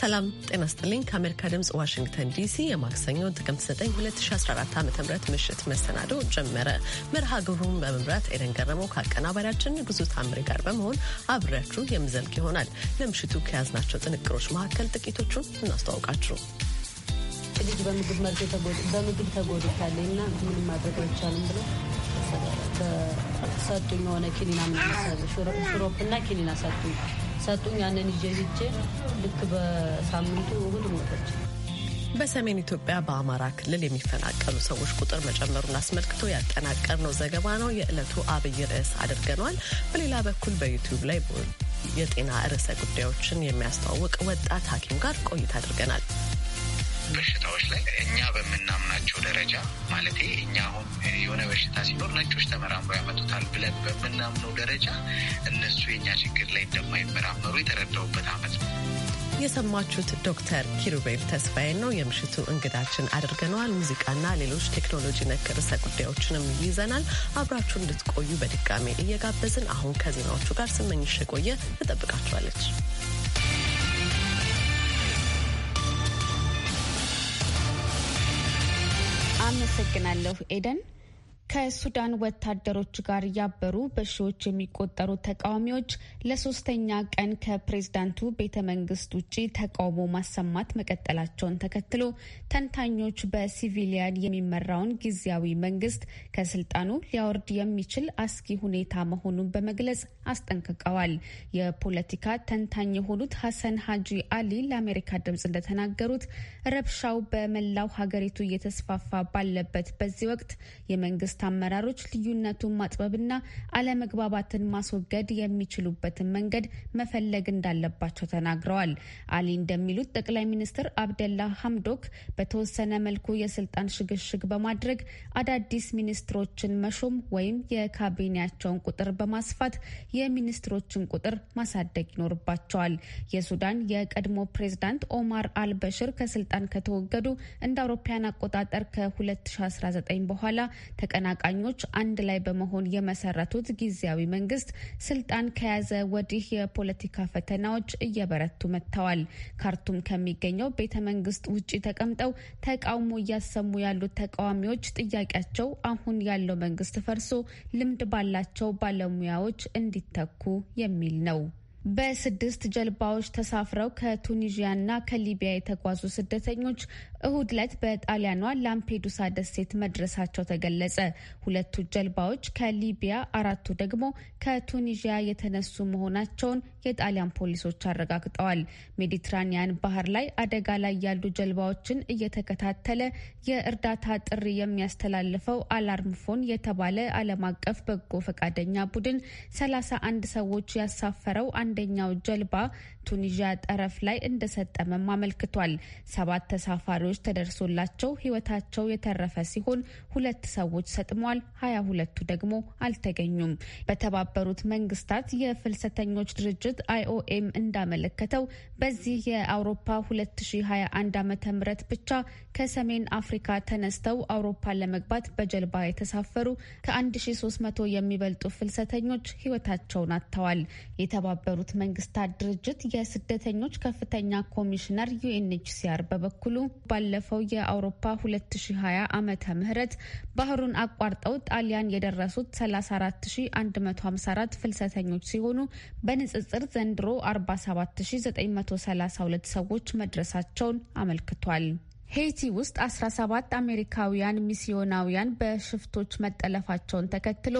ሰላም ጤና ስጥልኝ። ከአሜሪካ ድምፅ ዋሽንግተን ዲሲ የማክሰኞውን ጥቅምት 9 2014 ዓ ም ምሽት መሰናዶ ጀመረ። መርሃ ግብሩን በመምራት ኤደን ገረመው ከአቀናባሪያችን ብዙ ታምሪ ጋር በመሆን አብሬያችሁ የምዘልቅ ይሆናል። ለምሽቱ ከያዝናቸው ጥንቅሮች መካከል ጥቂቶቹን እናስተዋውቃችሁ። ልጅ በምግብ መልክ በምግብ ተጎድታለች እና ምንም ማድረግ አይቻልም ብለው ሰጡኝ። የሆነ ኪኒና ምናምን ሹሮፕ እና ኪኒና ሰጡኝ ሰጡኝ። ያንን ይዤ ሂጄ ልክ በሳምንቱ እሁድ ሞተች። በሰሜን ኢትዮጵያ በአማራ ክልል የሚፈናቀሉ ሰዎች ቁጥር መጨመሩን አስመልክቶ ያጠናቀርነው ዘገባ ነው የዕለቱ አብይ ርዕስ አድርገነዋል። በሌላ በኩል በዩቲዩብ ላይ የጤና ርዕሰ ጉዳዮችን የሚያስተዋውቅ ወጣት ሐኪም ጋር ቆይታ አድርገናል። በሽታዎች ላይ እኛ በምናምናቸው ደረጃ ማለት እኛ አሁን የሆነ በሽታ ሲኖር ነጮች ተመራምሮ ያመጡታል ብለን በምናምነው ደረጃ እነሱ የእኛ ችግር ላይ እንደማይመራመሩ የተረዳውበት አመት ነው። የሰማችሁት ዶክተር ኪሩቤል ተስፋዬ ነው። የምሽቱ እንግዳችን አድርገነዋል። ሙዚቃና ሌሎች ቴክኖሎጂ ነክ ርዕሰ ጉዳዮችንም ይዘናል። አብራችሁ እንድትቆዩ በድጋሜ እየጋበዝን አሁን ከዜናዎቹ ጋር ስመኝሽ የቆየ ትጠብቃችኋለች። አመሰግናለሁ ኤደን። ከሱዳን ወታደሮች ጋር ያበሩ በሺዎች የሚቆጠሩ ተቃዋሚዎች ለሶስተኛ ቀን ከፕሬዝዳንቱ ቤተ መንግስት ውጭ ተቃውሞ ማሰማት መቀጠላቸውን ተከትሎ ተንታኞች በሲቪሊያን የሚመራውን ጊዜያዊ መንግስት ከስልጣኑ ሊያወርድ የሚችል አስጊ ሁኔታ መሆኑን በመግለጽ አስጠንቅቀዋል። የፖለቲካ ተንታኝ የሆኑት ሀሰን ሀጂ አሊ ለአሜሪካ ድምጽ እንደተናገሩት ረብሻው በመላው ሀገሪቱ እየተስፋፋ ባለበት በዚህ ወቅት የመንግስት የመንግስት አመራሮች ልዩነቱን ማጥበብና አለመግባባትን ማስወገድ የሚችሉበትን መንገድ መፈለግ እንዳለባቸው ተናግረዋል። አሊ እንደሚሉት ጠቅላይ ሚኒስትር አብደላ ሀምዶክ በተወሰነ መልኩ የስልጣን ሽግሽግ በማድረግ አዳዲስ ሚኒስትሮችን መሾም ወይም የካቢኔያቸውን ቁጥር በማስፋት የሚኒስትሮችን ቁጥር ማሳደግ ይኖርባቸዋል። የሱዳን የቀድሞ ፕሬዝዳንት ኦማር አልበሽር ከስልጣን ከተወገዱ እንደ አውሮፓያን አቆጣጠር ከ2019 በኋላ ተቀና ተቀናቃኞች አንድ ላይ በመሆን የመሰረቱት ጊዜያዊ መንግስት ስልጣን ከያዘ ወዲህ የፖለቲካ ፈተናዎች እየበረቱ መጥተዋል። ካርቱም ከሚገኘው ቤተ መንግስት ውጭ ተቀምጠው ተቃውሞ እያሰሙ ያሉት ተቃዋሚዎች ጥያቄያቸው አሁን ያለው መንግስት ፈርሶ ልምድ ባላቸው ባለሙያዎች እንዲተኩ የሚል ነው። በስድስት ጀልባዎች ተሳፍረው ከቱኒዥያና ከሊቢያ የተጓዙ ስደተኞች እሁድ ዕለት በጣሊያኗ ላምፔዱሳ ደሴት መድረሳቸው ተገለጸ። ሁለቱ ጀልባዎች ከሊቢያ አራቱ ደግሞ ከቱኒዥያ የተነሱ መሆናቸውን የጣሊያን ፖሊሶች አረጋግጠዋል። ሜዲትራኒያን ባህር ላይ አደጋ ላይ ያሉ ጀልባዎችን እየተከታተለ የእርዳታ ጥሪ የሚያስተላልፈው አላርም ፎን የተባለ ዓለም አቀፍ በጎ ፈቃደኛ ቡድን ሰላሳ አንድ ሰዎች ያሳፈረው አንደኛው ጀልባ ቱኒዥያ ጠረፍ ላይ እንደሰጠመም አመልክቷል። ሰባት ተሳፋሪዎች ተደርሶላቸው ህይወታቸው የተረፈ ሲሆን ሁለት ሰዎች ሰጥመዋል። ሀያ ሁለቱ ደግሞ አልተገኙም። በተባበሩት መንግስታት የፍልሰተኞች ድርጅት አይኦኤም እንዳመለከተው በዚህ የአውሮፓ 2021 ዓ ም ብቻ ከሰሜን አፍሪካ ተነስተው አውሮፓ ለመግባት በጀልባ የተሳፈሩ ከ1300 የሚበልጡ ፍልሰተኞች ህይወታቸውን አጥተዋል። የተባበሩት መንግስታት ድርጅት የስደተኞች ከፍተኛ ኮሚሽነር ዩኤንኤችሲአር በበኩሉ ባለፈው የአውሮፓ 2020 ዓመተ ምህረት ባህሩን አቋርጠው ጣሊያን የደረሱት 34154 ፍልሰተኞች ሲሆኑ በንጽጽር ዘንድሮ 47932 ሰዎች መድረሳቸውን አመልክቷል። ሄይቲ ውስጥ 17 አሜሪካውያን ሚስዮናውያን በሽፍቶች መጠለፋቸውን ተከትሎ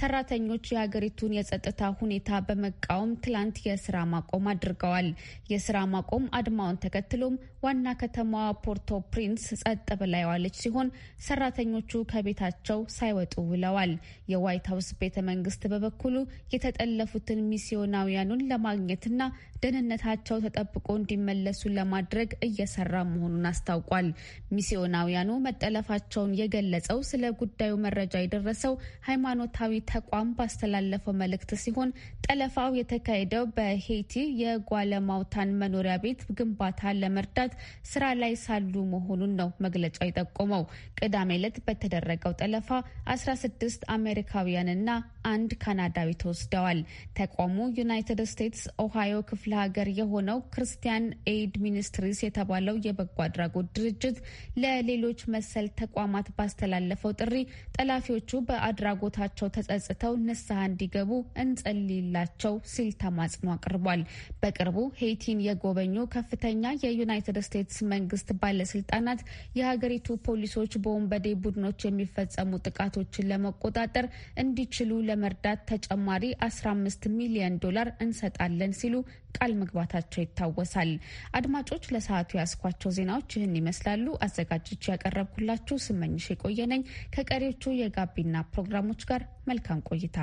ሰራተኞች የሀገሪቱን የጸጥታ ሁኔታ በመቃወም ትላንት የስራ ማቆም አድርገዋል። የስራ ማቆም አድማውን ተከትሎም ዋና ከተማዋ ፖርቶ ፕሪንስ ጸጥ ብላ የዋለች ሲሆን ሰራተኞቹ ከቤታቸው ሳይወጡ ውለዋል። የዋይት ሀውስ ቤተ መንግስት በበኩሉ የተጠለፉትን ሚስዮናውያኑን ለማግኘትና ደህንነታቸው ተጠብቆ እንዲመለሱ ለማድረግ እየሰራ መሆኑን አስታውቋል። ታውቋል። ሚስዮናውያኑ መጠለፋቸውን የገለጸው ስለ ጉዳዩ መረጃ የደረሰው ሃይማኖታዊ ተቋም ባስተላለፈው መልእክት ሲሆን ጠለፋው የተካሄደው በሄይቲ የጓለማውታን መኖሪያ ቤት ግንባታ ለመርዳት ስራ ላይ ሳሉ መሆኑን ነው መግለጫው የጠቆመው። ቅዳሜ ዕለት በተደረገው ጠለፋ 16 አሜሪካውያንና አንድ ካናዳዊ ተወስደዋል። ተቋሙ ዩናይትድ ስቴትስ ኦሃዮ ክፍለ ሀገር የሆነው ክርስቲያን ኤይድ ሚኒስትሪስ የተባለው የበጎ አድራጎት ድርጅት ለሌሎች መሰል ተቋማት ባስተላለፈው ጥሪ ጠላፊዎቹ በአድራጎታቸው ተጸጽተው ንስሐ እንዲገቡ እንጸልይላቸው ሲል ተማጽኖ አቅርቧል። በቅርቡ ሄይቲን የጎበኙ ከፍተኛ የዩናይትድ ስቴትስ መንግስት ባለስልጣናት የሀገሪቱ ፖሊሶች በወንበዴ ቡድኖች የሚፈጸሙ ጥቃቶችን ለመቆጣጠር እንዲችሉ ለመርዳት ተጨማሪ 15 ሚሊዮን ዶላር እንሰጣለን ሲሉ ቃል መግባታቸው ይታወሳል። አድማጮች ለሰዓቱ ያስኳቸው ዜናዎች ይህን ይመስላሉ። አዘጋጆች ያቀረብኩላችሁ ስመኝሽ የቆየ ነኝ። ከቀሪዎቹ የጋቢና ፕሮግራሞች ጋር መልካም ቆይታ።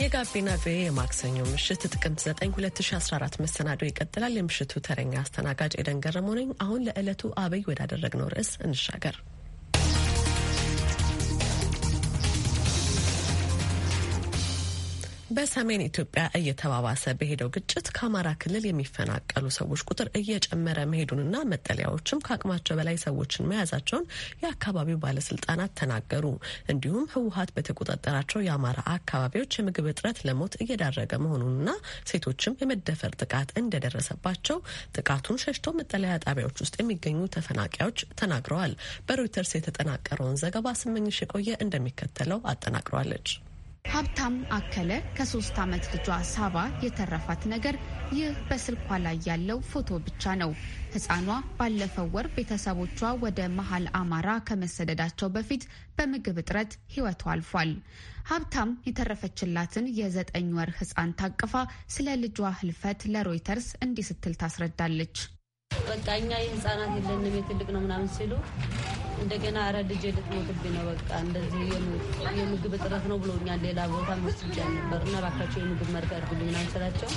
የጋቢና ቪ የማክሰኞ ምሽት ጥቅምት 9 2014 መሰናዶ ይቀጥላል። የምሽቱ ተረኛ አስተናጋጅ ኤደን ገረሞነኝ። አሁን ለዕለቱ አብይ ወዳደረግነው ርዕስ እንሻገር። በሰሜን ኢትዮጵያ እየተባባሰ በሄደው ግጭት ከአማራ ክልል የሚፈናቀሉ ሰዎች ቁጥር እየጨመረ መሄዱንና መጠለያዎችም ከአቅማቸው በላይ ሰዎችን መያዛቸውን የአካባቢው ባለስልጣናት ተናገሩ። እንዲሁም ህወሀት በተቆጣጠራቸው የአማራ አካባቢዎች የምግብ እጥረት ለሞት እየዳረገ መሆኑንና ሴቶችም የመደፈር ጥቃት እንደደረሰባቸው ጥቃቱን ሸሽቶ መጠለያ ጣቢያዎች ውስጥ የሚገኙ ተፈናቃዮች ተናግረዋል። በሮይተርስ የተጠናቀረውን ዘገባ ስመኝሽ የቆየ እንደሚከተለው አጠናቅሯለች። ሀብታም አከለ ከሶስት ዓመት ልጇ ሳባ የተረፋት ነገር ይህ በስልኳ ላይ ያለው ፎቶ ብቻ ነው። ህፃኗ ባለፈው ወር ቤተሰቦቿ ወደ መሀል አማራ ከመሰደዳቸው በፊት በምግብ እጥረት ሕይወቷ አልፏል። ሀብታም የተረፈችላትን የዘጠኝ ወር ህፃን ታቅፋ ስለ ልጇ ህልፈት ለሮይተርስ እንዲህ ስትል ታስረዳለች። በቃ እኛ የለንም የትልቅ ነው ምናምን ሲሉ እንደገና ኧረ ልጄ ልትሞትብኝ ነው በቃ እንደዚህ የምግብ እጥረት ነው ብሎኛል። ሌላ ቦታ መስጃ ነበር እና እባካቸው የምግብ መርፌ አድርጉልኝ ምናምን ስላቸው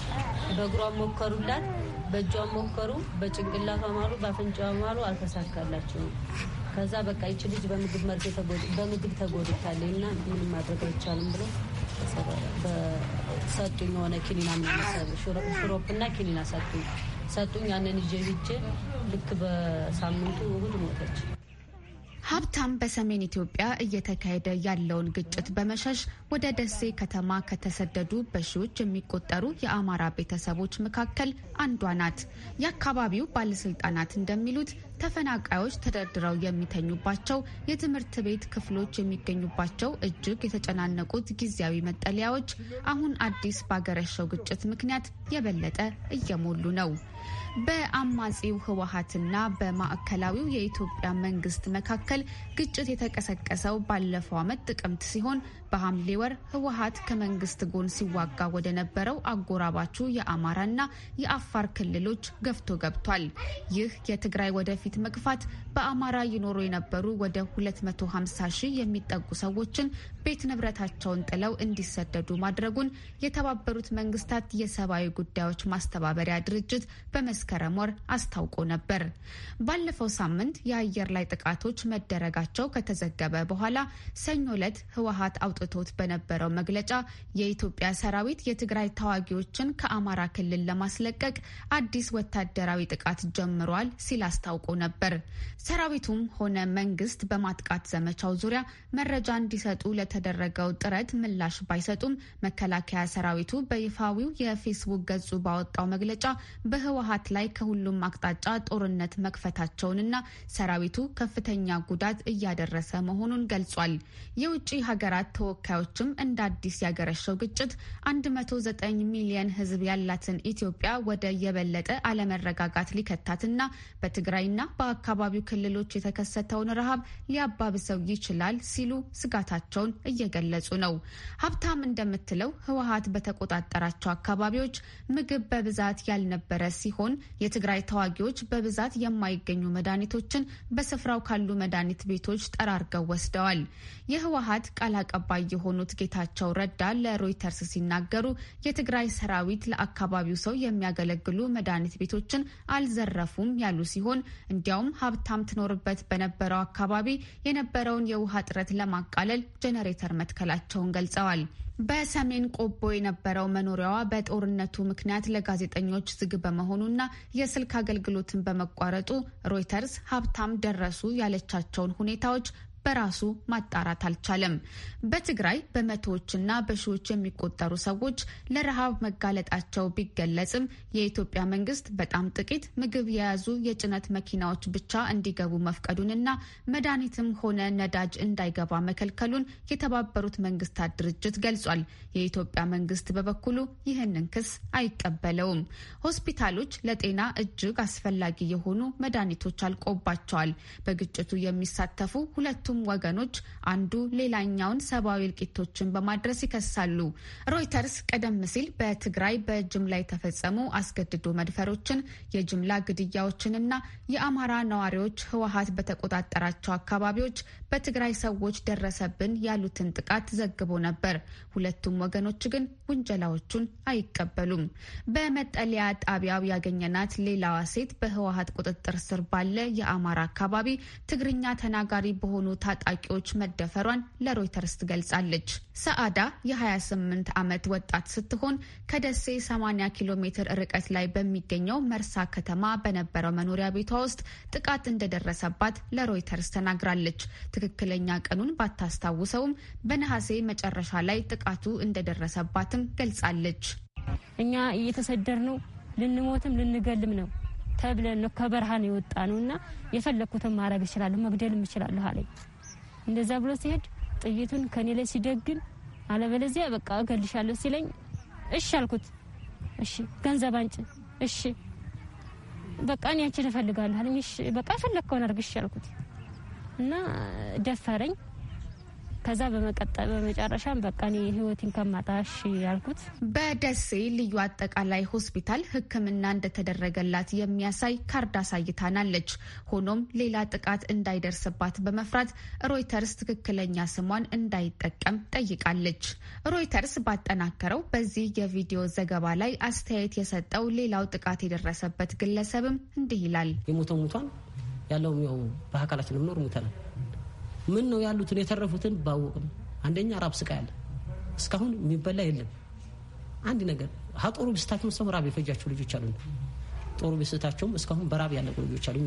በእግሯም ሞከሩላት፣ በእጇ ሞከሩ፣ በጭንቅላቷም አሉ፣ በአፍንጫዋም አሉ። አልተሳካላቸውም። ከዛ በቃ ይች ልጅ በምግብ መርፌ በምግብ ተጎድታለች እና ምንም ማድረግ አይቻልም ብሎ ሰጡኝ። የሆነ ኪኒና ሽሮፕ እና ኪኒና ሰጡኝ ሰጡኝ። ያንን ይዤ ሂጄ ልክ በሳምንቱ እሑድ ሞተች። ሀብታም በሰሜን ኢትዮጵያ እየተካሄደ ያለውን ግጭት በመሸሽ ወደ ደሴ ከተማ ከተሰደዱ በሺዎች የሚቆጠሩ የአማራ ቤተሰቦች መካከል አንዷ ናት። የአካባቢው ባለስልጣናት እንደሚሉት ተፈናቃዮች ተደርድረው የሚተኙባቸው የትምህርት ቤት ክፍሎች የሚገኙባቸው እጅግ የተጨናነቁት ጊዜያዊ መጠለያዎች አሁን አዲስ ባገረሸው ግጭት ምክንያት የበለጠ እየሞሉ ነው። በአማጺው ህወሀትና በማዕከላዊው የኢትዮጵያ መንግስት መካከል ግጭት የተቀሰቀሰው ባለፈው ዓመት ጥቅምት ሲሆን በሐምሌ ወር ህወሀት ከመንግስት ጎን ሲዋጋ ወደ ነበረው አጎራባቹ የአማራና የአፋር ክልሎች ገፍቶ ገብቷል። ይህ የትግራይ ወደፊት መግፋት በአማራ ይኖሩ የነበሩ ወደ 250 ሺህ የሚጠጉ ሰዎችን ቤት ንብረታቸውን ጥለው እንዲሰደዱ ማድረጉን የተባበሩት መንግስታት የሰብአዊ ጉዳዮች ማስተባበሪያ ድርጅት በመስከረም ወር አስታውቆ ነበር። ባለፈው ሳምንት የአየር ላይ ጥቃቶች መደረጋቸው ከተዘገበ በኋላ ሰኞ ዕለት ህወሀት አውጥ አውጥቶት በነበረው መግለጫ የኢትዮጵያ ሰራዊት የትግራይ ተዋጊዎችን ከአማራ ክልል ለማስለቀቅ አዲስ ወታደራዊ ጥቃት ጀምሯል ሲል አስታውቆ ነበር። ሰራዊቱም ሆነ መንግስት በማጥቃት ዘመቻው ዙሪያ መረጃ እንዲሰጡ ለተደረገው ጥረት ምላሽ ባይሰጡም መከላከያ ሰራዊቱ በይፋዊው የፌስቡክ ገጹ ባወጣው መግለጫ በህወሀት ላይ ከሁሉም አቅጣጫ ጦርነት መክፈታቸውንና ሰራዊቱ ከፍተኛ ጉዳት እያደረሰ መሆኑን ገልጿል። የውጭ ሀገራት ተወካዮችም እንደ አዲስ ያገረሸው ግጭት 109 ሚሊየን ሕዝብ ያላትን ኢትዮጵያ ወደ የበለጠ አለመረጋጋት ሊከታትና በትግራይና በአካባቢው ክልሎች የተከሰተውን ረሃብ ሊያባብሰው ይችላል ሲሉ ስጋታቸውን እየገለጹ ነው። ሀብታም እንደምትለው ህወሀት በተቆጣጠራቸው አካባቢዎች ምግብ በብዛት ያልነበረ ሲሆን የትግራይ ተዋጊዎች በብዛት የማይገኙ መድኃኒቶችን በስፍራው ካሉ መድኃኒት ቤቶች ጠራርገው ወስደዋል። የህወሀት ቃል አቀባይ አባል የሆኑት ጌታቸው ረዳ ለሮይተርስ ሲናገሩ የትግራይ ሰራዊት ለአካባቢው ሰው የሚያገለግሉ መድኃኒት ቤቶችን አልዘረፉም ያሉ ሲሆን እንዲያውም ሀብታም ትኖርበት በነበረው አካባቢ የነበረውን የውሃ እጥረት ለማቃለል ጄኔሬተር መትከላቸውን ገልጸዋል። በሰሜን ቆቦ የነበረው መኖሪያዋ በጦርነቱ ምክንያት ለጋዜጠኞች ዝግ በመሆኑና የስልክ አገልግሎትን በመቋረጡ ሮይተርስ ሀብታም ደረሱ ያለቻቸውን ሁኔታዎች በራሱ ማጣራት አልቻለም። በትግራይ በመቶዎችና በሺዎች የሚቆጠሩ ሰዎች ለረሃብ መጋለጣቸው ቢገለጽም የኢትዮጵያ መንግስት በጣም ጥቂት ምግብ የያዙ የጭነት መኪናዎች ብቻ እንዲገቡ መፍቀዱንና መድኃኒትም ሆነ ነዳጅ እንዳይገባ መከልከሉን የተባበሩት መንግስታት ድርጅት ገልጿል። የኢትዮጵያ መንግስት በበኩሉ ይህንን ክስ አይቀበለውም። ሆስፒታሎች ለጤና እጅግ አስፈላጊ የሆኑ መድኃኒቶች አልቆባቸዋል። በግጭቱ የሚሳተፉ ሁለቱ ሁለቱም ወገኖች አንዱ ሌላኛውን ሰብአዊ እልቂቶችን በማድረስ ይከሳሉ። ሮይተርስ ቀደም ሲል በትግራይ በጅምላ የተፈጸሙ አስገድዶ መድፈሮችን፣ የጅምላ ግድያዎችንና የአማራ ነዋሪዎች ህወሀት በተቆጣጠራቸው አካባቢዎች በትግራይ ሰዎች ደረሰብን ያሉትን ጥቃት ዘግቦ ነበር። ሁለቱም ወገኖች ግን ውንጀላዎቹን አይቀበሉም። በመጠለያ ጣቢያው ያገኘናት ሌላዋ ሴት በህወሀት ቁጥጥር ስር ባለ የአማራ አካባቢ ትግርኛ ተናጋሪ በሆኑ ታጣቂዎች መደፈሯን ለሮይተርስ ትገልጻለች። ሰአዳ የ28 ዓመት ወጣት ስትሆን ከደሴ 80 ኪሎ ሜትር ርቀት ላይ በሚገኘው መርሳ ከተማ በነበረው መኖሪያ ቤቷ ውስጥ ጥቃት እንደደረሰባት ለሮይተርስ ተናግራለች። ትክክለኛ ቀኑን ባታስታውሰውም በነሐሴ መጨረሻ ላይ ጥቃቱ እንደደረሰባትም ገልጻለች። እኛ እየተሰደር ነው ልንሞትም ልንገልም ነው ተብለን ከበረሃ ነው የወጣ ነው እና የፈለግኩትን ማድረግ እችላለሁ መግደልም እችላለሁ አለኝ። እንደዛ ብሎ ሲሄድ ጥይቱን ከኔ ላይ ሲደግን አለበለዚያ በቃ እገልሻለሁ ሲለኝ እሺ አልኩት። እሺ ገንዘብ አንጭ፣ እሺ በቃ እኔ አንቺን እፈልጋለሁ አለኝ። እሺ በቃ ፈለግከውን አድርግሽ አልኩት እና ደፈረኝ። ከዛ በመቀጠል በመጨረሻም በቃ እኔ ህይወቴን ከማጣሽ ያልኩት። በደሴ ልዩ አጠቃላይ ሆስፒታል ሕክምና እንደተደረገላት የሚያሳይ ካርድ አሳይታናለች። ሆኖም ሌላ ጥቃት እንዳይደርስባት በመፍራት ሮይተርስ ትክክለኛ ስሟን እንዳይጠቀም ጠይቃለች። ሮይተርስ ባጠናከረው በዚህ የቪዲዮ ዘገባ ላይ አስተያየት የሰጠው ሌላው ጥቃት የደረሰበት ግለሰብም እንዲህ ይላል። የሞተው ሙቷን ያለው በአካላችን ምኖር ሙተናል ምን ነው ያሉትን የተረፉትን ባወቅም አንደኛ ራብ ስቃ ያለ እስካሁን የሚበላ የለም። አንድ ነገር ሀጦሩ ቢስታቸውም ሰው ራብ የፈጃቸው ልጆች አሉ። ጦሩ ብስታቸውም እስካሁን በራብ ያለቁ ልጆች አሉ።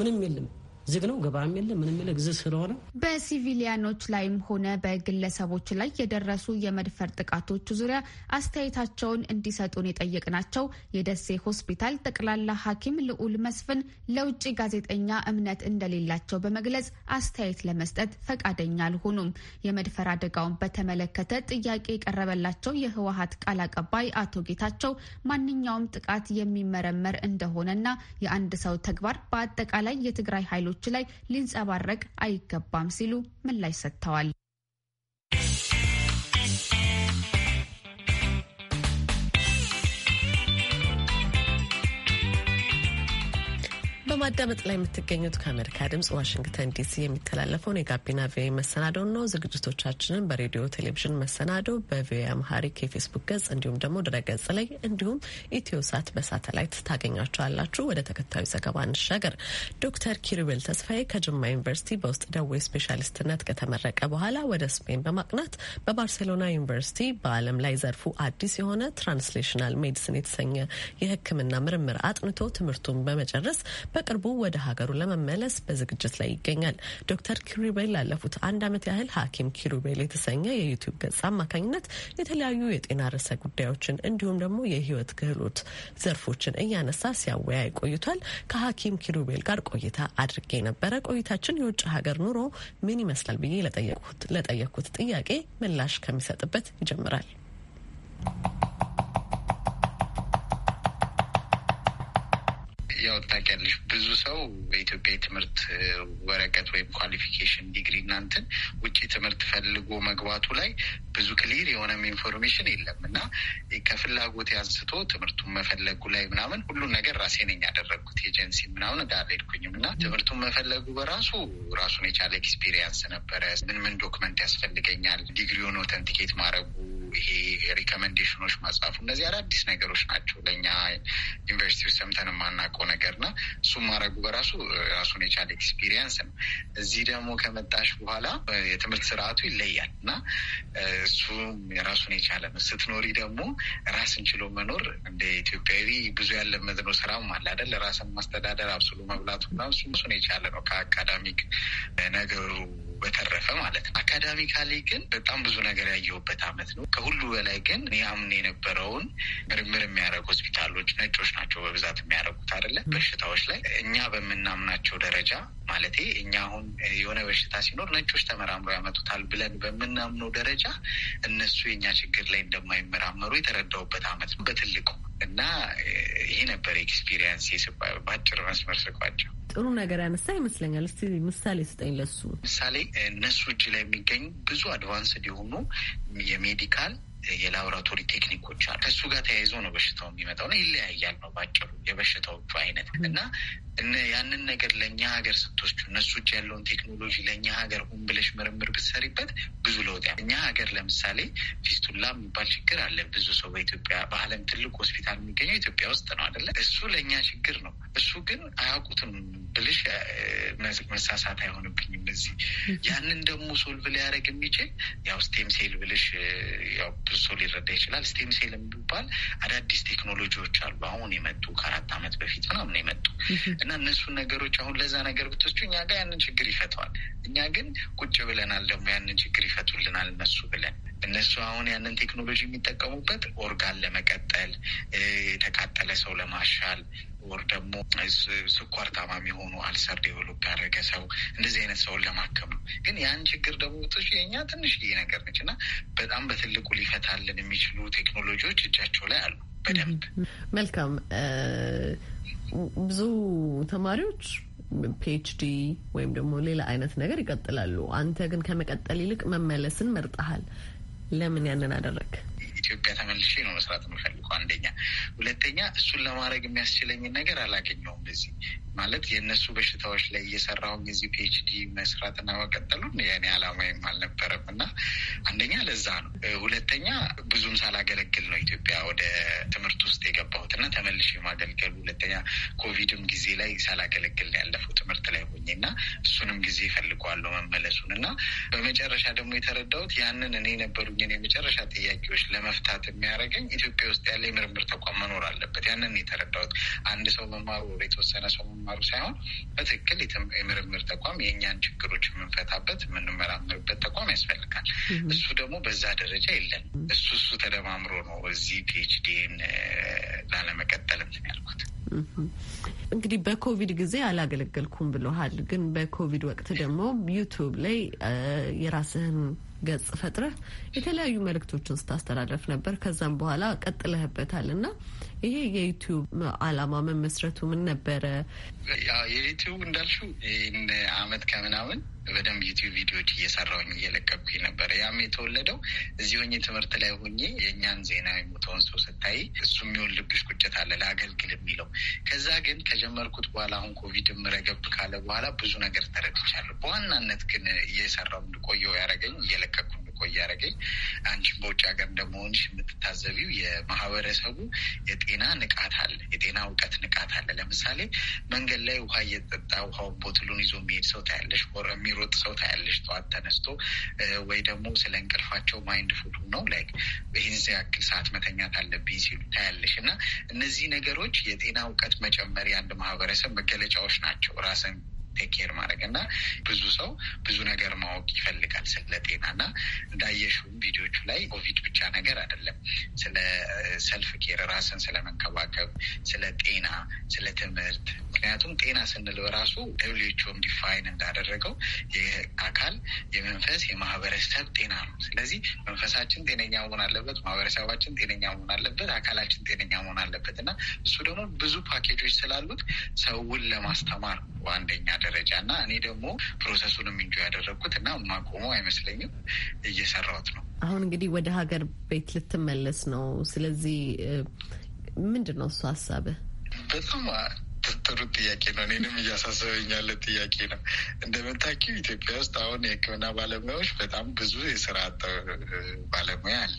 ምንም የለም። ዝግ ነው። ገበያም የለ ምንም የለ ጊዜ ስለሆነ በሲቪሊያኖች ላይም ሆነ በግለሰቦች ላይ የደረሱ የመድፈር ጥቃቶች ዙሪያ አስተያየታቸውን እንዲሰጡን የጠየቅናቸው የደሴ ሆስፒታል ጠቅላላ ሐኪም ልዑል መስፍን ለውጭ ጋዜጠኛ እምነት እንደሌላቸው በመግለጽ አስተያየት ለመስጠት ፈቃደኛ አልሆኑም። የመድፈር አደጋውን በተመለከተ ጥያቄ የቀረበላቸው የህወሀት ቃል አቀባይ አቶ ጌታቸው ማንኛውም ጥቃት የሚመረመር እንደሆነና የአንድ ሰው ተግባር በአጠቃላይ የትግራይ ኃይሎች ኃይሎች ላይ ሊንጸባረቅ አይገባም ሲሉ ምላሽ ሰጥተዋል። በማዳመጥ ላይ የምትገኙት ከአሜሪካ ድምጽ ዋሽንግተን ዲሲ የሚተላለፈውን የጋቢና ቪኦኤ መሰናዶ ነው። ዝግጅቶቻችንን በሬዲዮ ቴሌቪዥን መሰናዶ በቪኦኤ አምሃሪክ የፌስቡክ ገጽ እንዲሁም ደግሞ ድረ ገጽ ላይ እንዲሁም ኢትዮ ሳት በሳተላይት ታገኛቸዋላችሁ። ወደ ተከታዩ ዘገባ እንሻገር። ዶክተር ኪሩቤል ተስፋዬ ከጅማ ዩኒቨርሲቲ በውስጥ ደዌ ስፔሻሊስትነት ከተመረቀ በኋላ ወደ ስፔን በማቅናት በባርሴሎና ዩኒቨርሲቲ በዓለም ላይ ዘርፉ አዲስ የሆነ ትራንስሌሽናል ሜዲሲን የተሰኘ የሕክምና ምርምር አጥንቶ ትምህርቱን በመጨረስ በቀ በቅርቡ ወደ ሀገሩ ለመመለስ በዝግጅት ላይ ይገኛል። ዶክተር ኪሩቤል ላለፉት አንድ ዓመት ያህል ሐኪም ኪሩቤል የተሰኘ የዩቲዩብ ገጽ አማካኝነት የተለያዩ የጤና ርዕሰ ጉዳዮችን እንዲሁም ደግሞ የህይወት ክህሎት ዘርፎችን እያነሳ ሲያወያይ ቆይቷል። ከሐኪም ኪሩቤል ጋር ቆይታ አድርጌ የነበረ ቆይታችን የውጭ ሀገር ኑሮ ምን ይመስላል ብዬ ለጠየቅኩት ጥያቄ ምላሽ ከሚሰጥበት ይጀምራል። ያው ታውቂያለሽ ብዙ ሰው በኢትዮጵያ የትምህርት ወረቀት ወይም ኳሊፊኬሽን ዲግሪ እናንትን ውጭ ትምህርት ፈልጎ መግባቱ ላይ ብዙ ክሊር የሆነም ኢንፎርሜሽን የለም እና ከፍላጎት አንስቶ ትምህርቱን መፈለጉ ላይ ምናምን ሁሉን ነገር ራሴ ነኝ ያደረግኩት ኤጀንሲ ምናምን ጋር አልሄድኩኝም እና ትምህርቱን መፈለጉ በራሱ ራሱን የቻለ ኤክስፒሪየንስ ነበረ። ምን ምን ዶክመንት ያስፈልገኛል ዲግሪውን ኦተንቲኬት ማድረጉ ይሄ ሪኮመንዴሽኖች ማጻፉ እነዚህ አዳዲስ ነገሮች ናቸው ለእኛ ዩኒቨርሲቲ ውስጥ ሰምተን የማናውቀው ነገር እና እሱም ማድረጉ በራሱ ራሱን የቻለ ኤክስፒሪየንስ ነው። እዚህ ደግሞ ከመጣሽ በኋላ የትምህርት ስርዓቱ ይለያል እና እሱም የራሱን የቻለ ነው። ስትኖሪ ደግሞ ራስን ችሎ መኖር እንደ ኢትዮጵያዊ ብዙ ያለመድነው ስራም አለ አይደል? ራስን ማስተዳደር አብስሎ መብላቱ ራሱን የቻለ ነው ከአካዳሚክ ነገሩ በተረፈ ማለት ነው። አካዳሚካሊ ግን በጣም ብዙ ነገር ያየሁበት አመት ነው። ከሁሉ በላይ ግን ያምን የነበረውን ምርምር የሚያደርጉ ሆስፒታሎች ነጮች ናቸው በብዛት የሚያደርጉት አይደለ? በሽታዎች ላይ እኛ በምናምናቸው ደረጃ ማለት እኛ አሁን የሆነ በሽታ ሲኖር ነጮች ተመራምረው ያመጡታል ብለን በምናምነው ደረጃ እነሱ የኛ ችግር ላይ እንደማይመራመሩ የተረዳሁበት አመት ነው በትልቁ እና ይሄ ነበር ኤክስፒሪየንስ በአጭር መስመር ስቋቸው። ጥሩ ነገር ያነሳ ይመስለኛል። እስቲ ምሳሌ ስጠኝ ለሱ። ምሳሌ እነሱ እጅ ላይ የሚገኙ ብዙ አድቫንስድ የሆኑ የሜዲካል የላቦራቶሪ ቴክኒኮች አሉ። ከእሱ ጋር ተያይዞ ነው በሽታው የሚመጣው እና ይለያያል ነው ባጭሩ የበሽታዎቹ አይነት እና ያንን ነገር ለእኛ ሀገር ስትወስዱ እነሱ እጅ ያለውን ቴክኖሎጂ ለእኛ ሀገር ሁን ብለሽ ምርምር ብትሰሪበት ብዙ ለውጥ ያ እኛ ሀገር ለምሳሌ ፊስቱላ የሚባል ችግር አለ። ብዙ ሰው በኢትዮጵያ በዓለም ትልቅ ሆስፒታል የሚገኘው ኢትዮጵያ ውስጥ ነው አደለ? እሱ ለእኛ ችግር ነው። እሱ ግን አያውቁትም ብልሽ መሳሳት አይሆንብኝም። እዚህ ያንን ደግሞ ሶልቭ ሊያደርግ የሚችል ያው ስቴም ሴል ብልሽ ያው ቅዱስ ሰው ሊረዳ ይችላል። ስቴም ሴል የሚባል አዳዲስ ቴክኖሎጂዎች አሉ አሁን የመጡ ከአራት ዓመት በፊት ምናምን የመጡ እና እነሱን ነገሮች አሁን ለዛ ነገር ብትወስጩ እኛ ጋር ያንን ችግር ይፈተዋል። እኛ ግን ቁጭ ብለናል ደግሞ ያንን ችግር ይፈቱልናል እነሱ ብለን እነሱ አሁን ያንን ቴክኖሎጂ የሚጠቀሙበት ኦርጋን ለመቀጠል የተቃጠለ ሰው ለማሻል ወር ደግሞ ስኳር ታማሚ የሆኑ አልሰር ዴቨሎፕ ያደረገ ሰው እንደዚህ አይነት ሰውን ለማከም ነው። ግን ያን ችግር ደግሞ ውጦች የኛ ትንሽዬ ነገር ነች እና በጣም በትልቁ ሊፈታልን የሚችሉ ቴክኖሎጂዎች እጃቸው ላይ አሉ። በደንብ መልካም። ብዙ ተማሪዎች ፒኤችዲ ወይም ደግሞ ሌላ አይነት ነገር ይቀጥላሉ። አንተ ግን ከመቀጠል ይልቅ መመለስን መርጠሃል። ለምን ያንን አደረግ? ኢትዮጵያ ተመልሼ ነው መስራት የምፈልገው። አንደኛ፣ ሁለተኛ እሱን ለማድረግ የሚያስችለኝን ነገር አላገኘውም። እዚህ ማለት የእነሱ በሽታዎች ላይ እየሰራውን እዚህ ፒኤችዲ መስራትና መቀጠሉን የኔ አላማይም አልነበረም እና አንደኛ ለዛ ነው። ሁለተኛ ብዙም ሳላገለግል ነው ኢትዮጵያ ወደ ትምህርት ውስጥ የገባሁት እና ተመልሼ ማገልገሉ ሁለተኛ ኮቪድም ጊዜ ላይ ሳላገለግል ነው ያለፈው ትምህርት ላይ ሆኜ እና እሱንም ጊዜ እፈልገዋለሁ መመለሱን እና በመጨረሻ ደግሞ የተረዳሁት ያንን እኔ የነበሩኝን የመጨረሻ ጥያቄዎች ለመፍታት እንድሳት የሚያደርገኝ ኢትዮጵያ ውስጥ ያለ የምርምር ተቋም መኖር አለበት። ያንን የተረዳሁት አንድ ሰው መማሩ ወደ የተወሰነ ሰው መማሩ ሳይሆን በትክክል የምርምር ተቋም የእኛን ችግሮች የምንፈታበት የምንመራምርበት ተቋም ያስፈልጋል። እሱ ደግሞ በዛ ደረጃ የለም። እሱ እሱ ተደማምሮ ነው እዚህ ፒኤችዲን ላለመቀጠልም ያልኩት። እንግዲህ በኮቪድ ጊዜ አላገለገልኩም ብለሃል። ግን በኮቪድ ወቅት ደግሞ ዩቱብ ላይ የራስህን ገጽ ፈጥረህ የተለያዩ መልእክቶችን ስታስተላለፍ ነበር። ከዛም በኋላ ቀጥለህበታል እና ይሄ የዩቲዩብ አላማ መመስረቱ ምን ነበረ? የዩቲዩብ እንዳልሽው ይህን አመት ከምናምን በደንብ ዩቲዩብ ቪዲዮዎች እየሰራውኝ እየለቀኩኝ ነበረ። ያም የተወለደው እዚህ ሆኜ ትምህርት ላይ ሆኜ የእኛን ዜና የሞተውን ሰው ስታይ እሱ የሚወልድብሽ ቁጭት አለ ለአገልግል የሚለው ከዛ ግን ከጀመርኩት በኋላ አሁን ኮቪድ ምረገብ ካለ በኋላ ብዙ ነገር ተረድቻለሁ። በዋናነት ግን እየሰራው እንድቆየው ያደረገኝ እየለቀኩ እንድቆይ ያደረገኝ። አንቺ በውጭ ሀገር እንደመሆንሽ የምትታዘቢው የማህበረሰቡ የጤና ንቃት አለ፣ የጤና እውቀት ንቃት አለ። ለምሳሌ መንገድ ላይ ውሃ እየጠጣ ውሃውን ቦትሉን ይዞ የሚሄድ ሰው ታያለሽ፣ የሚሮጥ ሰው ታያለሽ ጠዋት ተነስቶ ወይ ደግሞ ስለ እንቅልፋቸው ማይንድ ፉድ ነው ላይክ ይህን ያክል ሰዓት መተኛት አለብኝ ሲሉ ታያለሽ። እና እነዚህ ነገሮች የጤና እውቀት መጨመር የአንድ ማህበረሰብ መገለጫዎች ናቸው ራስን ቴኬር ማድረግ እና ብዙ ሰው ብዙ ነገር ማወቅ ይፈልጋል ስለ ጤና እና እንዳየሽውም ቪዲዮቹ ላይ ኮቪድ ብቻ ነገር አይደለም። ስለ ሰልፍ ኬር ራስን ስለ መንከባከብ፣ ስለ ጤና፣ ስለ ትምህርት ምክንያቱም ጤና ስንል ራሱ ደብሊውኤችኦም ዲፋይን እንዳደረገው የአካል የመንፈስ የማህበረሰብ ጤና ነው። ስለዚህ መንፈሳችን ጤነኛ መሆን አለበት፣ ማህበረሰባችን ጤነኛ መሆን አለበት፣ አካላችን ጤነኛ መሆን አለበት እና እሱ ደግሞ ብዙ ፓኬጆች ስላሉት ሰውን ለማስተማር አንደኛ ደረጃ እና እኔ ደግሞ ፕሮሰሱንም እንጆ ያደረግኩት እና ማቆሙ አይመስለኝም እየሰራሁት ነው። አሁን እንግዲህ ወደ ሀገር ቤት ልትመለስ ነው። ስለዚህ ምንድን ነው እሱ ሀሳብህ? በጣም ጥሩ ጥያቄ ነው። እኔንም እያሳሰበኛለ ጥያቄ ነው። እንደምታውቂው ኢትዮጵያ ውስጥ አሁን የሕክምና ባለሙያዎች በጣም ብዙ የስራ አጥ ባለሙያ አለ።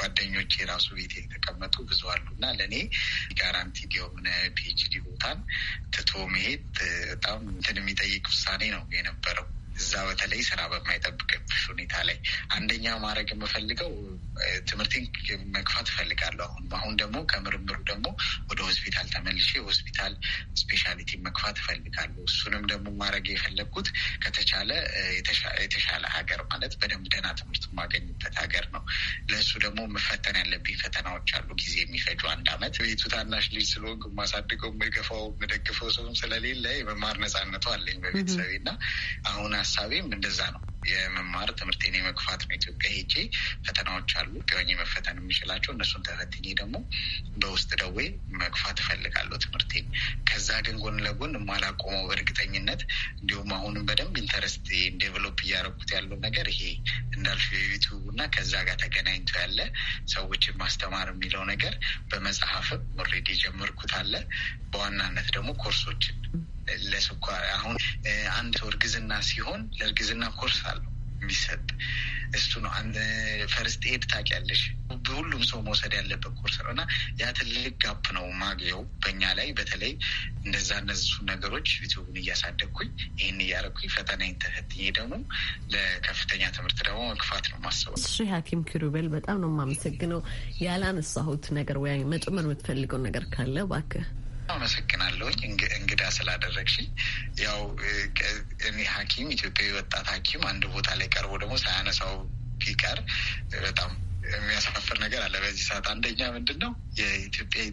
ጓደኞች የራሱ ቤት የተቀመጡ ብዙ አሉ እና ለእኔ ጋራንቲ የሆነ ፒኤችዲ ቦታን ትቶ መሄድ በጣም እንትን የሚጠይቅ ውሳኔ ነው የነበረው እዛ በተለይ ስራ በማይጠብቅብሽ ሁኔታ ላይ አንደኛ ማድረግ የምፈልገው ትምህርቴን መግፋት እፈልጋለሁ። አሁን አሁን ደግሞ ከምርምሩ ደግሞ ወደ ሆስፒታል ተመልሼ ሆስፒታል ስፔሻሊቲ መግፋት እፈልጋለሁ። እሱንም ደግሞ ማድረግ የፈለግኩት ከተቻለ የተሻለ ሀገር ማለት በደንብ ደህና ትምህርት የማገኝበት ሀገር ነው። ለእሱ ደግሞ መፈተን ያለብኝ ፈተናዎች አሉ፣ ጊዜ የሚፈጁ አንድ አመት። ቤቱ ታናሽ ልጅ ስለሆንኩ የማሳድገው የምገፋው የምደግፈው ሰውም ስለሌለ የመማር ነፃነቱ አለኝ በቤተሰቤ እና አሁን ሀሳቤም እንደዛ ነው። የመማር ትምህርቴን የመግፋት ነው። ኢትዮጵያ ሄጄ ፈተናዎች አሉ ቢሆኝ መፈተን የሚችላቸው እነሱን ተፈትኜ ደግሞ በውስጥ ደዌ መግፋት እፈልጋለሁ ትምህርቴን። ከዛ ግን ጎን ለጎን የማላቆመው በእርግጠኝነት እንዲሁም አሁንም በደንብ ኢንተረስት ዴቨሎፕ እያደረኩት ያለው ነገር ይሄ እንዳልፍ የዩቱብ እና ከዛ ጋር ተገናኝቶ ያለ ሰዎችን ማስተማር የሚለው ነገር በመጽሐፍም ኦልሬዲ የጀመርኩት አለ። በዋናነት ደግሞ ኮርሶችን ለስኳር አሁን አንድ ሰው እርግዝና ሲሆን ለእርግዝና ኮርስ የሚሰጥ እሱ ነው። አንድ ፈርስት ኤድ ታውቂያለሽ፣ ሁሉም ሰው መውሰድ ያለበት ኮርስ ነው እና ያ ትልቅ ጋፕ ነው ማግኘው በእኛ ላይ በተለይ እንደዛ እነሱ ነገሮች ዩቲዩብን እያሳደግኩኝ ይህን እያደረግኩኝ ፈተና ተፈትኜ ደግሞ ለከፍተኛ ትምህርት ደግሞ መግፋት ነው ማስበው። እሺ ሐኪም ኪሩቤል በጣም ነው የማመሰግነው። ያላነሳሁት ነገር ወይ መጨመር የምትፈልገው ነገር ካለ እባክህ አመሰግናለሁኝ እንግዳ ስላደረግሽኝ። ያው እኔ ሐኪም ኢትዮጵያዊ ወጣት ሐኪም አንድ ቦታ ላይ ቀርቦ ደግሞ ሳያነሳው ቢቀር በጣም የሚያስፈፍር ነገር አለ በዚህ ሰዓት። አንደኛ ምንድን ነው የኢትዮጵያ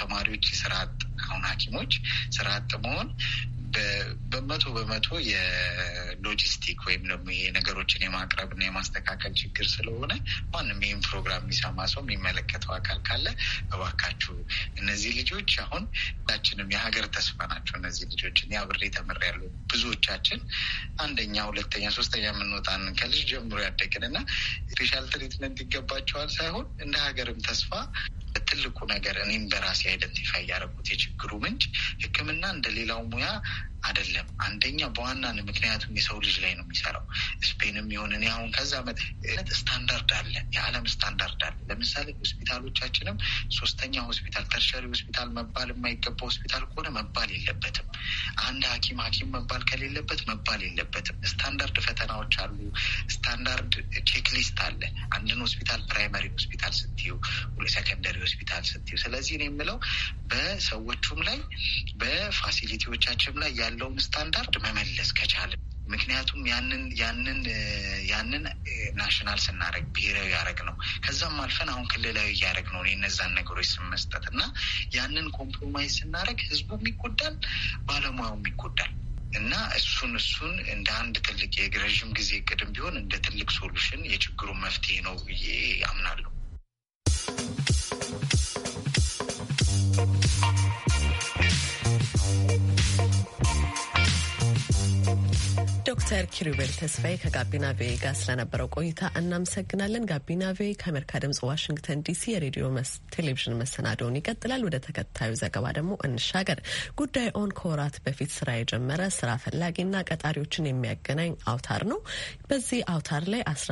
ተማሪዎች ስራ አጥ አሁን ሐኪሞች ስራ አጥ መሆን በመቶ በመቶ ሎጂስቲክ ወይም ደግሞ ይሄ ነገሮችን የማቅረብ የማቅረብና የማስተካከል ችግር ስለሆነ ማንም ይህም ፕሮግራም የሚሰማ ሰው የሚመለከተው አካል ካለ እባካችሁ እነዚህ ልጆች አሁን ሁላችንም የሀገር ተስፋ ናቸው። እነዚህ ልጆች ልጆችን አብሬ ተምር ያሉ ብዙዎቻችን አንደኛ፣ ሁለተኛ፣ ሶስተኛ የምንወጣን ከልጅ ጀምሮ ያደግን እና ስፔሻል ትሪትመንት ይገባቸዋል ሳይሆን እንደ ሀገርም ተስፋ ትልቁ ነገር እኔም በራሴ አይደንቲፋይ ያደረጉት የችግሩ ምንጭ ሕክምና እንደ ሌላው ሙያ አይደለም። አንደኛ በዋና ምክንያቱም የሰው ልጅ ላይ ነው የሚሰራው። ስፔንም የሆነ እኔ አሁን ከዛ መጠነት ስታንዳርድ አለ፣ የዓለም ስታንዳርድ አለ። ለምሳሌ ሆስፒታሎቻችንም ሶስተኛ ሆስፒታል ተርሸሪ ሆስፒታል መባል የማይገባ ሆስፒታል ከሆነ መባል የለበትም። አንድ ሐኪም ሐኪም መባል ከሌለበት መባል የለበትም። ስታንዳርድ ፈተናዎች አሉ፣ ስታንዳርድ ቼክሊስት አለ። አንድን ሆስፒታል ፕራይመሪ ሆስፒታል ስትዩ፣ ሰከንደሪ ሆስፒታል ስትዩ። ስለዚህ እኔ የምለው በሰዎቹም ላይ በፋሲሊቲዎቻችንም ላይ ያለውን ስታንዳርድ መመለስ ከቻለ ምክንያቱም ያንን ያንን ያንን ናሽናል ስናደረግ ብሔራዊ ያደረግ ነው። ከዛም አልፈን አሁን ክልላዊ እያደረግ ነው የነዛን ነገሮች ስመስጠት እና ያንን ኮምፕሮማይዝ ስናደረግ ህዝቡ ይጎዳል፣ ባለሙያውም ይጎዳል እና እሱን እሱን እንደ አንድ ትልቅ የረዥም ጊዜ ቅድም ቢሆን እንደ ትልቅ ሶሉሽን የችግሩ መፍትሄ ነው ብዬ አምናለሁ። ዶክተር ኪሩቤል ተስፋዬ ከጋቢና ቪኦኤ ጋር ስለነበረው ቆይታ እናመሰግናለን። ጋቢና ቪኦኤ ከአሜሪካ ድምጽ ዋሽንግተን ዲሲ የሬዲዮ ቴሌቪዥን መሰናዶውን ይቀጥላል። ወደ ተከታዩ ዘገባ ደግሞ እንሻገር። ጉዳይ ኦን ከወራት በፊት ስራ የጀመረ ስራ ፈላጊና ቀጣሪዎችን የሚያገናኝ አውታር ነው። በዚህ አውታር ላይ አስራ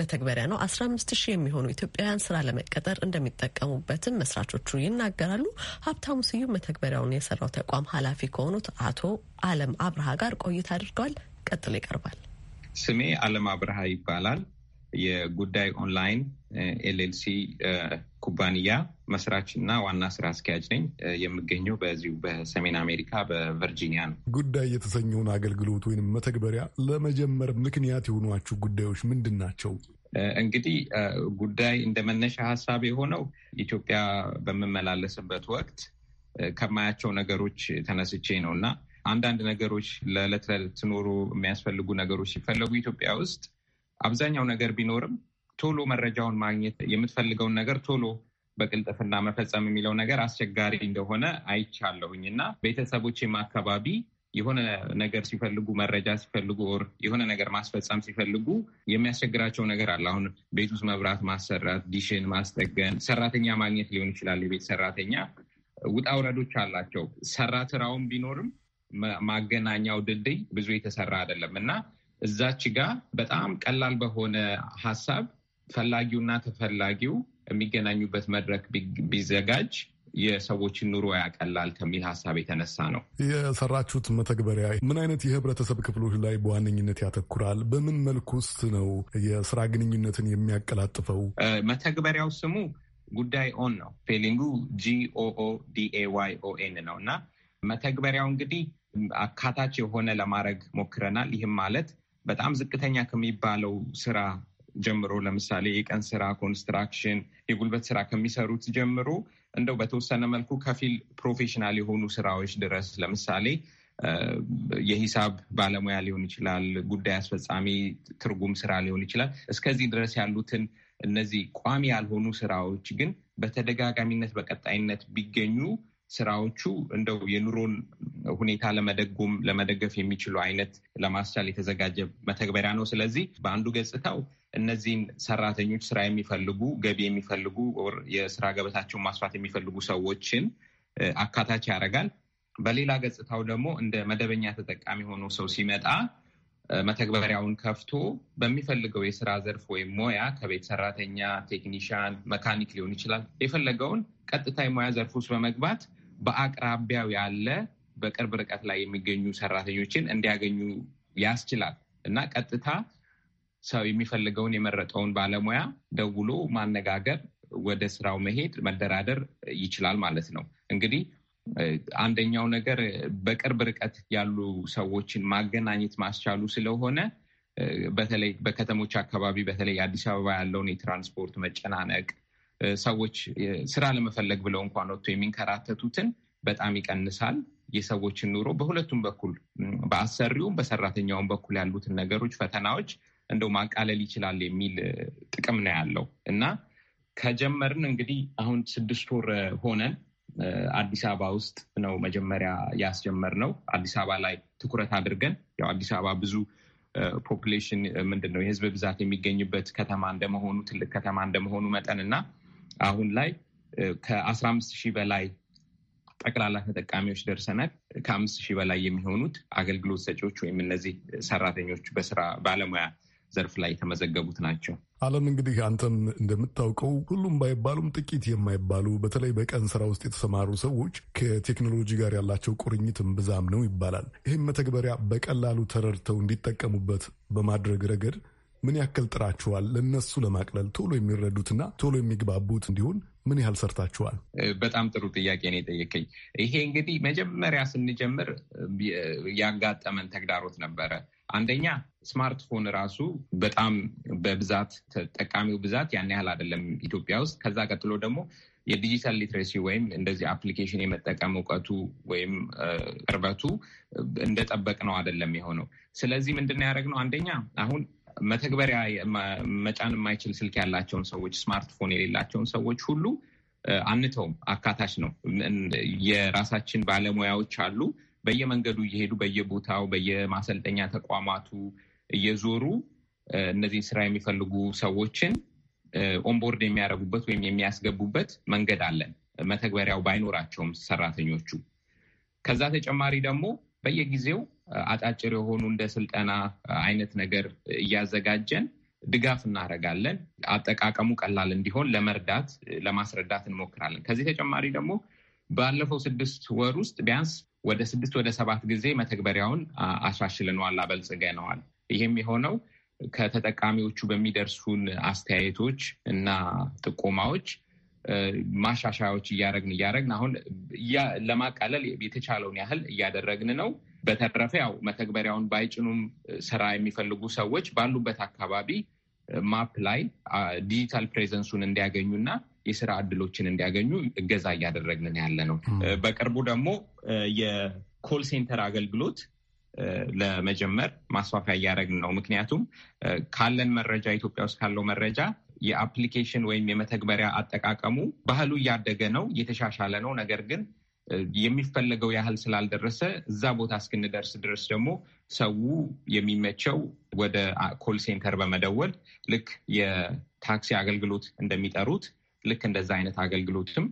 መተግበሪያ ነው። አስራ አምስት ሺህ የሚሆኑ ኢትዮጵያውያን ስራ ለመቀጠር እንደሚጠቀሙበትም መስራቾቹ ይናገራሉ። ሀብታሙ ስዩም መተግበሪያውን የሰራው ተቋም ኃላፊ ከሆኑት አቶ አለም አብርሃ ጋር ቆይታ አድርገዋል። ቀጥሎ ይቀርባል። ስሜ አለም አብርሃ ይባላል። የጉዳይ ኦንላይን ኤልኤልሲ ኩባንያ መስራች እና ዋና ስራ አስኪያጅ ነኝ። የምገኘው በዚሁ በሰሜን አሜሪካ በቨርጂኒያ ነው። ጉዳይ የተሰኘውን አገልግሎት ወይም መተግበሪያ ለመጀመር ምክንያት የሆኗችሁ ጉዳዮች ምንድን ናቸው? እንግዲህ ጉዳይ እንደ መነሻ ሀሳብ የሆነው ኢትዮጵያ በምመላለስበት ወቅት ከማያቸው ነገሮች ተነስቼ ነው እና አንዳንድ ነገሮች ለዕለት ለዕለት ኖሮ የሚያስፈልጉ ነገሮች ሲፈለጉ ኢትዮጵያ ውስጥ አብዛኛው ነገር ቢኖርም ቶሎ መረጃውን ማግኘት የምትፈልገውን ነገር ቶሎ በቅልጥፍና መፈጸም የሚለው ነገር አስቸጋሪ እንደሆነ አይቻለሁኝ እና ቤተሰቦችም አካባቢ የሆነ ነገር ሲፈልጉ መረጃ ሲፈልጉ ር የሆነ ነገር ማስፈጸም ሲፈልጉ የሚያስቸግራቸው ነገር አለ። አሁን ቤት ውስጥ መብራት ማሰራት፣ ዲሽን ማስጠገን፣ ሰራተኛ ማግኘት ሊሆን ይችላል። የቤት ሰራተኛ ውጣ ውረዶች አላቸው። ሰራ ቢኖርም ማገናኛው ድልድይ ብዙ የተሰራ አይደለም እና እዛች ጋር በጣም ቀላል በሆነ ሀሳብ ፈላጊውና ተፈላጊው የሚገናኙበት መድረክ ቢዘጋጅ የሰዎችን ኑሮ ያቀላል ከሚል ሀሳብ የተነሳ ነው የሰራችሁት መተግበሪያ። ምን አይነት የህብረተሰብ ክፍሎች ላይ በዋነኝነት ያተኩራል? በምን መልኩ ውስጥ ነው የስራ ግንኙነትን የሚያቀላጥፈው? መተግበሪያው ስሙ ጉዳይ ኦን ነው። ፌሊንጉ ጂኦኦ ዲኤዋይ ኦኤን ነው እና መተግበሪያው እንግዲህ አካታች የሆነ ለማድረግ ሞክረናል። ይህም ማለት በጣም ዝቅተኛ ከሚባለው ስራ ጀምሮ ለምሳሌ የቀን ስራ፣ ኮንስትራክሽን፣ የጉልበት ስራ ከሚሰሩት ጀምሮ እንደው በተወሰነ መልኩ ከፊል ፕሮፌሽናል የሆኑ ስራዎች ድረስ ለምሳሌ የሂሳብ ባለሙያ ሊሆን ይችላል፣ ጉዳይ አስፈጻሚ፣ ትርጉም ስራ ሊሆን ይችላል። እስከዚህ ድረስ ያሉትን እነዚህ ቋሚ ያልሆኑ ስራዎች ግን በተደጋጋሚነት በቀጣይነት ቢገኙ ስራዎቹ እንደው የኑሮን ሁኔታ ለመደጎም ለመደገፍ የሚችሉ አይነት ለማስቻል የተዘጋጀ መተግበሪያ ነው። ስለዚህ በአንዱ ገጽታው እነዚህን ሰራተኞች ስራ የሚፈልጉ ገቢ የሚፈልጉ የስራ ገበታቸውን ማስፋት የሚፈልጉ ሰዎችን አካታች ያደርጋል። በሌላ ገጽታው ደግሞ እንደ መደበኛ ተጠቃሚ ሆኖ ሰው ሲመጣ መተግበሪያውን ከፍቶ በሚፈልገው የስራ ዘርፍ ወይም ሙያ ከቤት ሰራተኛ፣ ቴክኒሽያን፣ መካኒክ ሊሆን ይችላል የፈለገውን ቀጥታ የሙያ ዘርፍ ውስጥ በመግባት በአቅራቢያው ያለ በቅርብ ርቀት ላይ የሚገኙ ሰራተኞችን እንዲያገኙ ያስችላል እና ቀጥታ ሰው የሚፈልገውን የመረጠውን ባለሙያ ደውሎ ማነጋገር፣ ወደ ስራው መሄድ፣ መደራደር ይችላል ማለት ነው። እንግዲህ አንደኛው ነገር በቅርብ ርቀት ያሉ ሰዎችን ማገናኘት ማስቻሉ ስለሆነ በተለይ በከተሞች አካባቢ በተለይ አዲስ አበባ ያለውን የትራንስፖርት መጨናነቅ ሰዎች ስራ ለመፈለግ ብለው እንኳን ወጥቶ የሚንከራተቱትን በጣም ይቀንሳል። የሰዎችን ኑሮ በሁለቱም በኩል በአሰሪውም በሰራተኛውም በኩል ያሉትን ነገሮች፣ ፈተናዎች እንደው ማቃለል ይችላል የሚል ጥቅም ነው ያለው እና ከጀመርን እንግዲህ አሁን ስድስት ወር ሆነን አዲስ አበባ ውስጥ ነው መጀመሪያ ነው። አዲስ አበባ ላይ ትኩረት አድርገን ያው አዲስ አበባ ብዙ ፖፕሌሽን ምንድን ነው የህዝብ ብዛት የሚገኝበት ከተማ እንደመሆኑ ትልቅ ከተማ እንደመሆኑ መጠን እና አሁን ላይ ከአስራ አምስት ሺህ በላይ ጠቅላላ ተጠቃሚዎች ደርሰናል። ከአምስት ሺህ በላይ የሚሆኑት አገልግሎት ሰጪዎች ወይም እነዚህ ሰራተኞች በስራ ባለሙያ ዘርፍ ላይ የተመዘገቡት ናቸው። አለም እንግዲህ አንተም እንደምታውቀው ሁሉም ባይባሉም ጥቂት የማይባሉ በተለይ በቀን ስራ ውስጥ የተሰማሩ ሰዎች ከቴክኖሎጂ ጋር ያላቸው ቁርኝትም ብዛም ነው ይባላል። ይህም መተግበሪያ በቀላሉ ተረድተው እንዲጠቀሙበት በማድረግ ረገድ ምን ያክል ጥራችኋል? ለነሱ ለማቅለል ቶሎ የሚረዱትና ቶሎ የሚግባቡት እንዲሆን ምን ያህል ሰርታችኋል? በጣም ጥሩ ጥያቄ ነው የጠየቀኝ። ይሄ እንግዲህ መጀመሪያ ስንጀምር ያጋጠመን ተግዳሮት ነበረ። አንደኛ ስማርትፎን ራሱ በጣም በብዛት ተጠቃሚው ብዛት ያን ያህል አይደለም ኢትዮጵያ ውስጥ። ከዛ ቀጥሎ ደግሞ የዲጂታል ሊትሬሲ ወይም እንደዚህ አፕሊኬሽን የመጠቀም እውቀቱ ወይም ቅርበቱ እንደጠበቅ ነው አይደለም የሆነው። ስለዚህ ምንድን ያደረግነው አንደኛ አሁን መተግበሪያ መጫን የማይችል ስልክ ያላቸውን ሰዎች፣ ስማርትፎን የሌላቸውን ሰዎች ሁሉ አንተውም። አካታች ነው። የራሳችን ባለሙያዎች አሉ። በየመንገዱ እየሄዱ በየቦታው በየማሰልጠኛ ተቋማቱ እየዞሩ እነዚህ ስራ የሚፈልጉ ሰዎችን ኦንቦርድ የሚያደርጉበት ወይም የሚያስገቡበት መንገድ አለን። መተግበሪያው ባይኖራቸውም ሰራተኞቹ ከዛ ተጨማሪ ደግሞ በየጊዜው አጫጭር የሆኑ እንደ ስልጠና አይነት ነገር እያዘጋጀን ድጋፍ እናደርጋለን። አጠቃቀሙ ቀላል እንዲሆን ለመርዳት ለማስረዳት እንሞክራለን። ከዚህ ተጨማሪ ደግሞ ባለፈው ስድስት ወር ውስጥ ቢያንስ ወደ ስድስት ወደ ሰባት ጊዜ መተግበሪያውን አሻሽልነዋል፣ አበልጽገነዋል። ይህም የሆነው ከተጠቃሚዎቹ በሚደርሱን አስተያየቶች እና ጥቆማዎች ማሻሻያዎች እያደረግን እያደረግን አሁን ለማቃለል የተቻለውን ያህል እያደረግን ነው። በተረፈ ያው መተግበሪያውን ባይጭኑም ስራ የሚፈልጉ ሰዎች ባሉበት አካባቢ ማፕ ላይ ዲጂታል ፕሬዘንሱን እንዲያገኙና የስራ እድሎችን እንዲያገኙ እገዛ እያደረግን ያለ ነው። በቅርቡ ደግሞ የኮል ሴንተር አገልግሎት ለመጀመር ማስፋፊያ እያደረግን ነው። ምክንያቱም ካለን መረጃ ኢትዮጵያ ውስጥ ካለው መረጃ የአፕሊኬሽን ወይም የመተግበሪያ አጠቃቀሙ ባህሉ እያደገ ነው፣ እየተሻሻለ ነው። ነገር ግን የሚፈለገው ያህል ስላልደረሰ እዛ ቦታ እስክንደርስ ድረስ ደግሞ ሰው የሚመቸው ወደ ኮል ሴንተር በመደወል ልክ የታክሲ አገልግሎት እንደሚጠሩት ልክ እንደዛ አይነት አገልግሎትም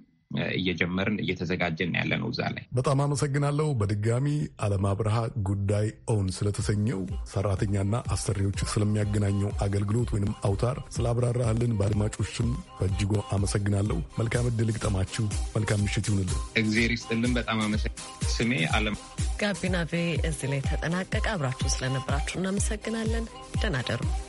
እየጀመርን እየተዘጋጀን ያለ ነው እዛ ላይ። በጣም አመሰግናለሁ። በድጋሚ አለም አብርሃ ጉዳይ ኦን ስለተሰኘው ሰራተኛና አሰሪዎች ስለሚያገናኘው አገልግሎት ወይም አውታር ስላብራራህልን በአድማጮችም በእጅጉ አመሰግናለሁ። መልካም እድል ግጠማችሁ። መልካም ምሽት ይሁንልን። እግዜር ይስጥልን። በጣም አመሰግናለሁ። ስሜ አለም ጋቢና ቪ እዚህ ላይ ተጠናቀቀ። አብራችሁ ስለነበራችሁ እናመሰግናለን። ደናደሩ ደሩ።